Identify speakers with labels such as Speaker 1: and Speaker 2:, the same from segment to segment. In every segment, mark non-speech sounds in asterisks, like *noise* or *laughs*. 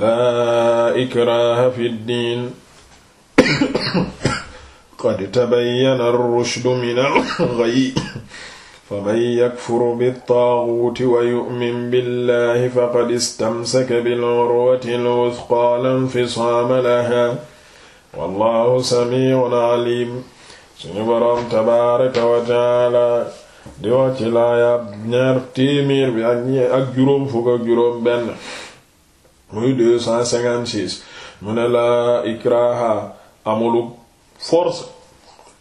Speaker 1: laa ikraha fi ddiin *coughs* qad tabayyana ar-rushdu mina al-ghayy faman yakfur bit-taaguuti wa yu'min billahi faqad istamsaka bil-'urwati al-wuthqaa laa infisaama lahaa wallaahu samii'un 'aliim suñu boroom tabaaraka wa ta'aala di wax ci laaya ñaar téeméer bi ak juróom fukk ak juróom benn muy deux cent cinquante mu ne laa ikraha amulu
Speaker 2: force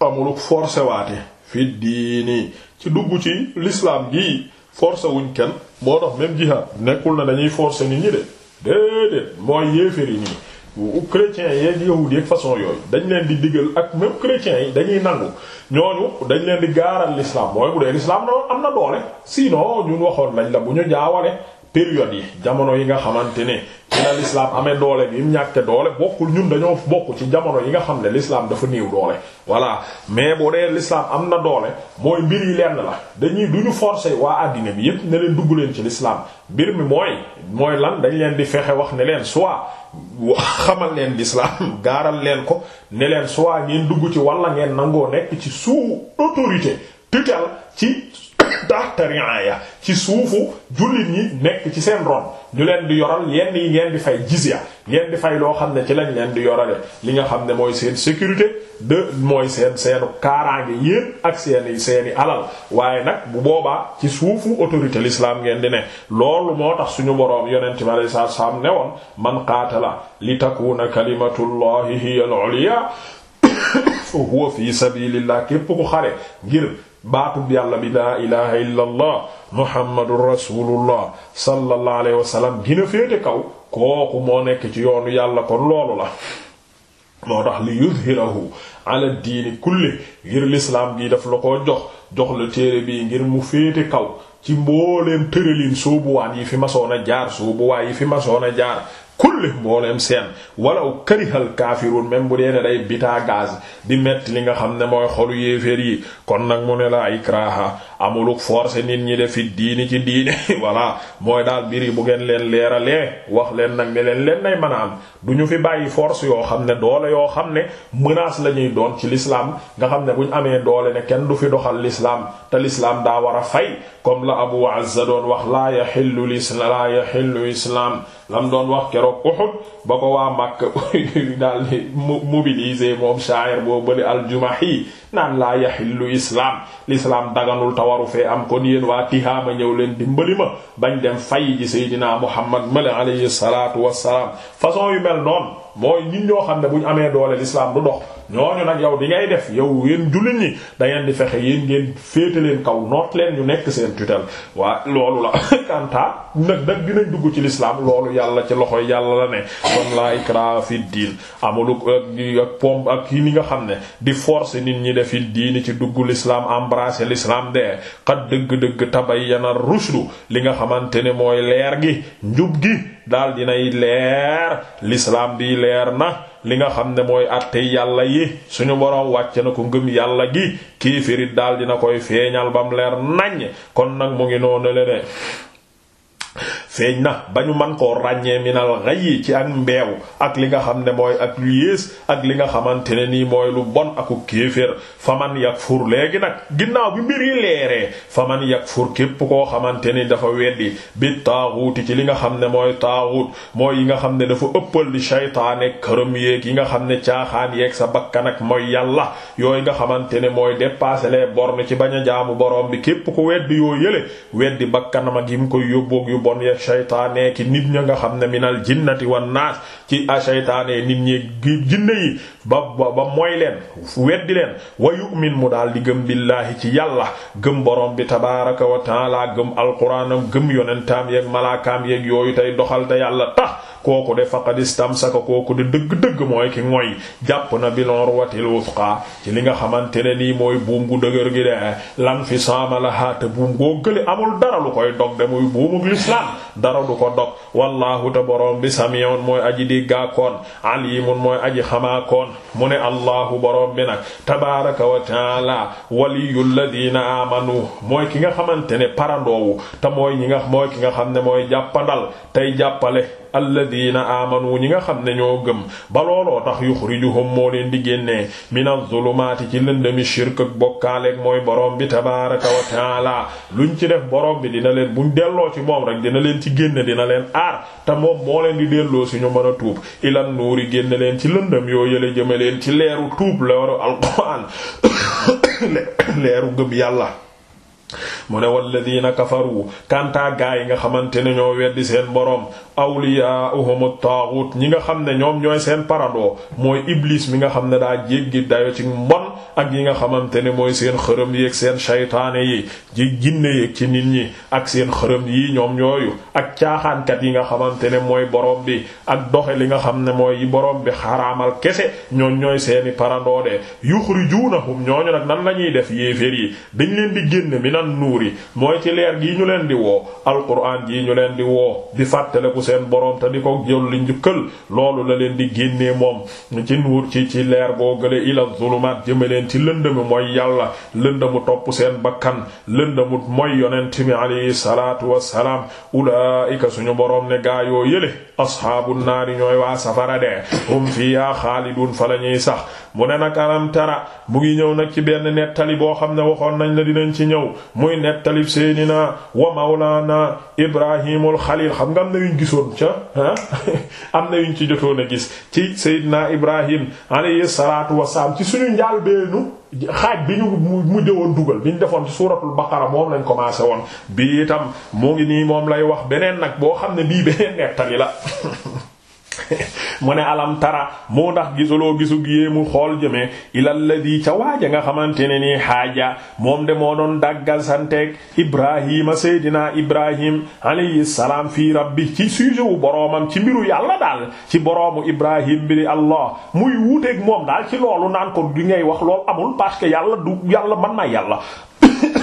Speaker 2: amuluk forcé waate fi diini ci dugg ci l'islam gii forcé wuñ kenn boo tax même jihad nekkul na dañuy forcé ni ñi de déedéet mooy yéeféri nii chrétiens yeeg yahuudi yeeg façon yooyu dañ leen di digal ak même chrétiens yi dañuy nangu ñooñu dañ leen di gaaral l'islam mooy bu dee l'islam na am na doole sinon ñun waxoon nañ la bu ñu jaawale période yi jamono yi nga xamante ne ci la l'islam amee doole bi mu ñàkke doole bokkul ñun dañoo bokk ci jamono yi nga xam ne lislaam dafa néew doole voilà mais boo dee l'islam am na doole mooy mbir yi lenn la dañuy duñu ñu forcer waa àddina bi yépp ne leen dugg leen ci lislaam mbir mi mooy mooy lan dañ leen di fexe wax ne leen soit xamal leen l'islam *laughs* gaaral leen ko ne leen soit ngeen dugg ci walla ngeen nangoo nekk ci sous autorité tutelle ci tahta ya ci suufu jullit ñi nekk ci seen ron ñu leen di yoral yenn yi ngeen di fay jizya ngeen di fay loo xam ne ci lañ leen di yorale li nga xam ne mooy seen sécurité de mooy seen seenu kaaraange yéen ak seeni seeni alal waaye nag bu boobaa ci suufu autorité lislaam ngeen di ne loolu moo tax suñu boroom yonente bi alei satu salaam ne woon man qaatala li takuna kalimatullahi hiya al-ulya *coughs* huwa fi sabilillah képp ku xare ngir bi yàlla bi laa ilaha illa allah muhammadu rasulullah sallallahu alayhi wa sallam gina féete kaw kooku moo nekk ci yoonu yàlla kon loolu la moo tax li yudhirahu ala diini kulli ngir lislaam gi daf la ko jox jox la téere bi ngir mu féete kaw ci mbooleem tëralin soobuwaan yi fi masoon a jaar soobuwaay yi fi masoon a jaar kulli mbooleem seen walaw karihal kaafiruun même bu dee ne day bitaa gaz di metti li nga xam ne mooy xolu yéeféer yi kon nag mu ne la ikraha amuluk force nit ñi def fi diini ci diini *laughs* voilà mooy daal mbir bu ngeen leen leeralee wax leen nag ne leen leen nay mën a am du ñu fi bàyyi force yoo xam ne doole yoo xam ne menace la ñuy doon ci lislaam nga xam ne bu ñu amee doole ne kenn du fi doxal l'islam te l'islam daa war a fay comme la Abu Azza doon lam doon wax keroog Uhud ba ko waa Makka *laughs* daal di mobiliser moom shaa'ir boo bële aljumahi naan laa yaxillu islam l'islam daganul tawaru fee am kon yéen waa Tihaama ñëw leen dimbali ma bañ dem fay ji Seydina Muhammad male alayhi salaatu wassalaam façon yu mel noon mooy nit ñoo xam ne bu ñu amee doole l'islam du dox ñooñu nag yow di ngay def yow yéen jullit ñi da ngeen di fexe yéen ngeen féete leen kaw noot leen ñu nekk seen tutelle waa loolu la *laughs* kanta nag nag dinañ dugg ci lislaam loolu yàlla ci loxo yàlla la ne kon la ikra fi diin amulu ak pom ak kii li nga xam ne di forcer nit ñi defi diini ci dugg l'islam embrasser l'islam de xat dëgg-dëgg tabayyana rushdu li nga xamante ne mooy leer gi njub gi daal dinay leer l'islam di leer na li nga xam ne mooy àttey yàlla yi suñu borom wàcc na ko gëm yàlla gi kii firit daal na koy feeñal bam leer nàññ kon nag mu ngi noonu le feeñ na bañu ñu man koo ràññee minal ghayyi ci ak mbeew ak li nga xam ne mooy ak lu yées ak li nga xamante ne nii mooy lu bon aku kéeféer faman yakfur léegi nag ginnaaw bi mbir yi leeree faman yakfur képp koo xamante ni dafa weddi bi taaxuuti ci li nga xam ne mooy taaxuut mooy yi nga xam ne dafa ëppal di shaytaane këram yéeg yi nga xam ne caaxaan yeeg sa bakkan ak mooy yàlla yooyu nga xamante ne mooy dépasser les bornes ci bañ a jaamu borom bi képp ku weddi yoo yële weddi bakkanam ak bon ya shaytaane ki nit ña nga xam ne minal jinnati wan naas ci a shaytaane nit ñi jinne yi ba ba ba mooy leen weddi leen wa yu'min mu daal di gëm billaahi ci yàlla gëm borom bi tabaaraka wa taala gëm alquraanam gëm yonentaam yeeg malaakaam yeeg yooyu tey doxal te yàlla tax kooku de faqad istamsaka kooku de dëgg-dëgg mooy ki mooy jàpp na bil urwatil wufqa ci li nga xamante ne nii mooy buum gu dëgër gi de lan fi saama te buum goo gële lislaam dara du ko dog wallahu te boroom bi samiyoon mooy aji diggaakoon alimun mooy aji xamaakoon mu ne allahu boroom bi nag tabaraka wa taala waliyul ladina amanu mooy ki nga xamante ne parandoowu te mooy ñi nga mooy ki nga xam ne mooy jàppandal tey jàppale alladina amanu ñi nga xam ne ñoo gëm ba looloo tax yuxrijuhum moo leen di génnee minaz zulumaati ci lëndëmi shirk ak bokkaaleeg mooy borom bi tabaraka wa taala luñ ci def borom bi dina leen bu ñu delloo ci moom rek dina leen ci génne dina leen aar te moom moo leen di delloo si ñu mën a tuub ilan nuuri génn leen ci lëndëm yoo yële jëme ci leeru tuub leeru alquraan *coughs* leeru gëm yàlla mu ne walladina kafaru kanta gaa yi nga xamante ne ñoo weddi seen boroom awliyaahum taaxut ñi nga xam ne ñoom ñooy seen parado mooy iblis mi nga xam ne daa jéggi dayo ci mbon ak yi nga xamante ne mooy seen xërëm yi ak seen saytaane yi ci jinne yi ci nit ñi ak seen xërëm yi ñoom ñooyu ak caaxaankat yi nga xamante ne mooy borom bi ak doxe li nga xam ne mooy boroom bi xaraamal kese ñoom ñooy seeni parandoo de yuxrijunahum ñooñu nag nan la ñuy def yéeféer yi dañ leen di génn minan yi mooy ci leer gii ñu leen di woo alquran jii ñu leen di woo di fàttaleku seen borom te di ko jël li njukkal loolu la leen di génnee moom ci nuur ci leen ci lëndëmu mooy yàlla lëndëmu topp seen bakkan lëndëmu mooy yonent bi alayhi salaatu wassalaam ulaa'ika suñu boroom ne gaa yoo yële ashaabu naari ñooy waa safara de hum fiihaa xaaliduun fa la sax mu ne nag alam tara mu ngi ñëw nag ci benn nettali boo xam ne waxoon nañ la dinañ ci ñëw muy nettali seydinaa wa mawlaana ibrahimul xaliil xam nga am na yuñ gisoon ca *laughs* am na yuñ ci jotoon a gis ci seydinaa ibrahim alayhi salaatu wassalaam ci suñu njaal ñu xaaj bi ñu mujj woon dugal bi ñu defoon suuratul baqara moom lañ commencé woon bii itam mu ngi nii moom lay wax beneen nag boo xam ne bii beneen nettali la *laughs* *laughs* mu ne alam tara moo tax gisuloo gisu giyee mu xool jëmee ilal la di ca waaja nga xamante ne nii xaaja moom de moo doon daggal santeeg ibrahima seydina ibrahim alayhi salaam fii rabbi ci sujet wu boroomam ci mbiru yàlla daal ci boroomu ibrahim bi di allah muy wuuteeg moom daal ci loolu naan ko di ngay wax loolu amul parce que yàlla du yàlla man maa yàlla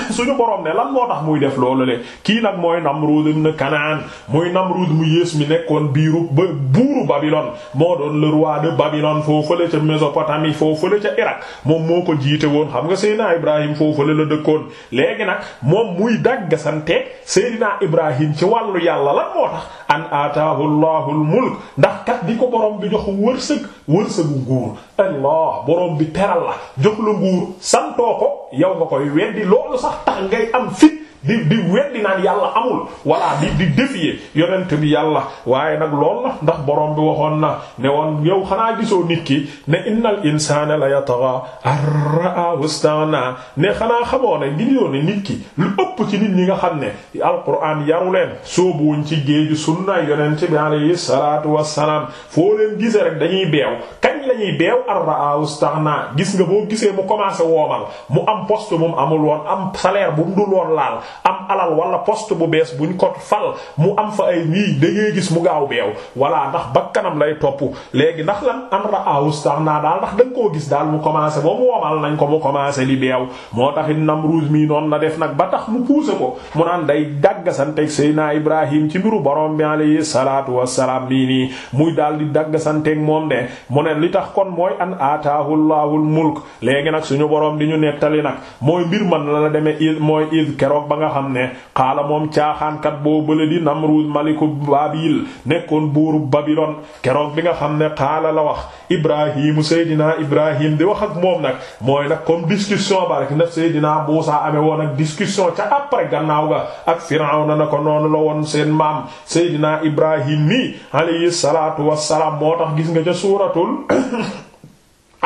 Speaker 2: *laughs* suñu borom ne lan moo tax muy def loolu le kii nag mooy Namrud ibn Kanaan mooy Namrud mu yées mi nekkoon biiru ba buuru Babylone moo doon le roi de Babylone foofu la ca Mésopotamie foofu la ca Irak moom moo ko jiite woon xam nga Seydina Ibrahim foofu la la dëkkoon léegi nag moom muy dàggasante Seydina Ibrahim ci wàllu yàlla lan moo tax an aataahu llahu al ndax kat di ko borom bi jox wërsëg wërsëgu nguur allah borom bi teral la jox la nguur santoo ko yow nga tax ngay am fit di di weddi naan yàlla amul walla di di défier yonent bi yàlla waaye nag lool la ndax borom bi waxoon na ne woon yow xanaa gisoo nit ki ne innal insana la yatagha ar-ra'a wastagna ne xanaa xamoo ne gisoo ne nit ki lu ëpp ci nit ñi nga xam ne alquran yaru leen soobuwuñ ci géeju sunna yonent bi alayhi salaatu wassalaam foo leen gisee rek dañuy beew kañ lañuy beew ar-ra'a wastagna gis nga boo gisee mu commencé woomal mu am poste moom amul woon am salaire bu mu laal am alal wala post bu bees bu buñ ko fal mu am fa ay nii da gis mu gaaw beew voilà ndax bakkanam lay topp léegi ndax lan am raahu naa daal ndax da koo gis daal mu commencé ba mu womal nañ ko mu commencé li beew moo taxit Namruuz mii noonu na def nag ba tax mu poussé ko mu naan day daggasanteeg Seydina Ibrahim ci mbiru borom bi alayhi salaatu wassalaam mii nii muy daal di daggasanteeg moom de mu ne li tax kon mooy an aataahu llaahul mulk léegi nag suñu borom di ñu nettali nag mooy mbir nga xam ne xaala moom caaxaankat boo bële di Namrud maliku Babil nekkoon buuru Babylone keroog bi nga xam ne xaala la wax Ibrahim Seydina Ibrahim di wax ak moom nag mooy nag comme discussion ba rek na Seydina Muusaa amee woon ak discussion ca après gannaaw ga ak Firawna na ko noonu la woon seen maam Seydina Ibrahim nii alayhi salaatu wassalaam moo tax gis nga ca suuratul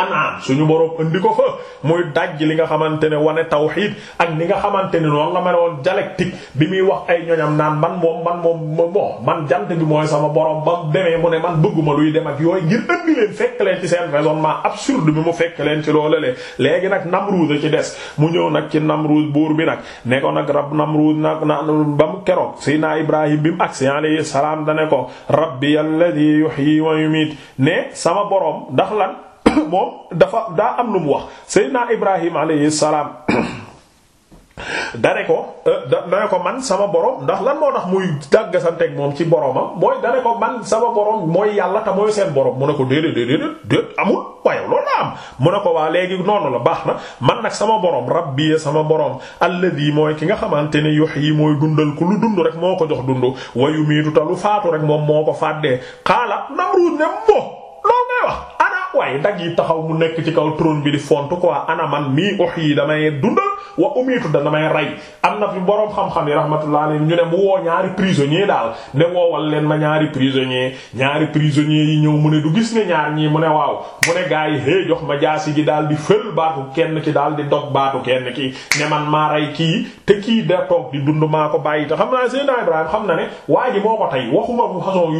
Speaker 2: anaam suñu boroom indi ko fa muy daj li nga xamante ne wane tawxiid ak li nga xamante ne noonu la mel woon dialectique bi muy wax ay ñoñam naan man moom man moom bon man jant bi mooy sama boroom ba mu demee mu ne man bëgguma luy dem ak yooyu ngir indi leen fekk leen ci seen raisonnement absurde bi mu fekk leen ci loolu le léegi nag Namruud ci des mu ñëw nag ci Namruud buur bi nag ne ko nag rab Namruud nag na ba mu keroog Seydina Ibrahim bi mu agsi alayhi salaam da ne ko rabbi alladhi yuhyi yu yumiit ne sama boroom ndax lan *coughs* moom dafa daa am lu mu wax Seydina Ibrahim alayhi salaam *coughs* dane ko euh, dane ko man sama borom ndax lan moo tax muy dàggasanteeg moom ci boromam mooy dane ko man sama borom mooy yàlla te mooy seen borom mu ne ko déedéet déedéet déet amul waaye loolu la am mu ne ko waa léegi noonu la baax na man nag sama borom rabbi sama borom alladi mooy ki nga xamante ne yuhyi mooy dundal ku lu dund rek moo ko jox dund wa yumiitu ta faatu rek moom moo ko fàddee xaala waaye ndag yi taxaw mu nekk ci kaw trône bi di font quoi ana man mii uhyi damay dundal wa umiitu da damay rey am na fi boroom xam-xam yi rahmatullah alayhi ñu ne mu woo ñaari prisonnier daal ne woowal leen ma ñaari prisonnier ñaari prisonnier yi ñëw mu ne du gis ne ñaar ñii mu ne waaw mu ne gaa yi hé jox ma jaasi gi daal di fël baatu kenn ki daal di dog baatu kenn ki ne man maa rey kii te kii da toog di dund maa ko bàyyi te xam naa Seydina Ibrahima xam na ne waa ji moo ko tey waxuma bu façon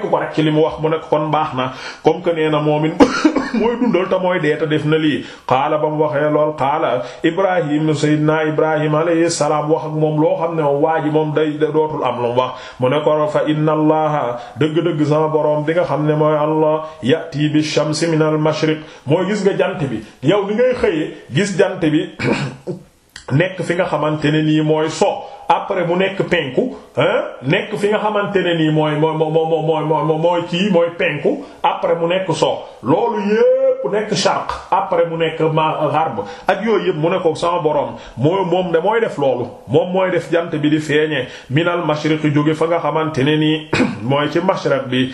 Speaker 2: ko ci li mu wax mu ne kon baax na comme que nee na moom it *coughs* mooy dundal te mooy dee def na lii xaala ba mu waxee lool xaala Ibrahim Seydina Ibrahim alayhi salaam wax ak moom loo xam ne moom waa ji moom day dootul am lu mu wax mu ne ko fa inna allaha dëgg-dëgg sama boroom di nga xam ne mooy allah yati bi shamsi min al mashriq gis nga jant bi yow ni ngay xëyee gis jant bi *coughs* fi nga xamante ne nii mooy so après mu nekk penku nekk fi nga xamante ne nii mooy mooy mooy mooy mooy mooy kii mooy penku après mu nekk so loolu yépp nekk sharq après mu nekk gharb ak yooyu yépp mu ne sama borom mooy moom de mooy def loolu moom mooy def jant bi di feeñe minal mashriq jóge fa nga xamante ne nii *coughs* mooy ci mashriq bi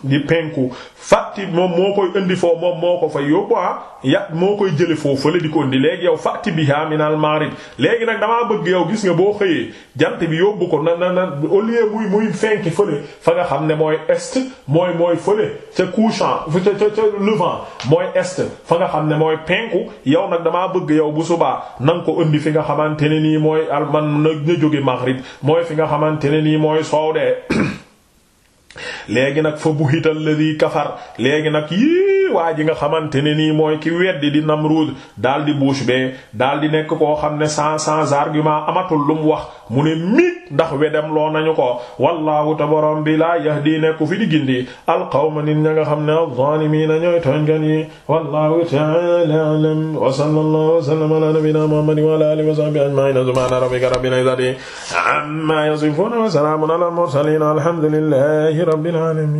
Speaker 2: di penku fàtti moom moo koy indi foo moom moo ko fa yóbbu ah, ya moo koy jële foofu la di ko indi léegi yow fàtti bi minal maghrib léegi nag damaa bëgg yow gis nga boo xëyee jant bi yóbbu ko na na na au lieu muy muy fële fa nga xam ne mooy est mooy mooy fële ca couchant ca ca ca mooy est fa nga xam ne mooy penku yow nag damaa bëgg yow bu subaa nan ko indi fi nga xamante ne nii mooy alman na na jóge maghrib mooy fi nga xamante ne nii mooy soow de *clears throat* léegi nag fa la di kafar léegi nag yii waa ji nga xamante ne nii mooy ki weddi di Namrud daal di bouche bee daal di nekk koo xam ne sans sans argument amatul lum wax mu ne miig ndax wedem loo nañu ko wallaahu ta borom bi laa yahdi nekku fi di gindi alqawma nit ña nga xam ne az-zaalimiina ñooy tooñkat yi
Speaker 1: wallaahu ta'aala a'lam wa sallallaahu wa sallama alaa nabiyyinaa muhammadin wa alaa aalihi wa sahbihi ajma'iin subhaana rabbika rabbil izzati ammaa yasifuun wa salaamun alal mursaliin walhamdulillaahi rabbil aalamiin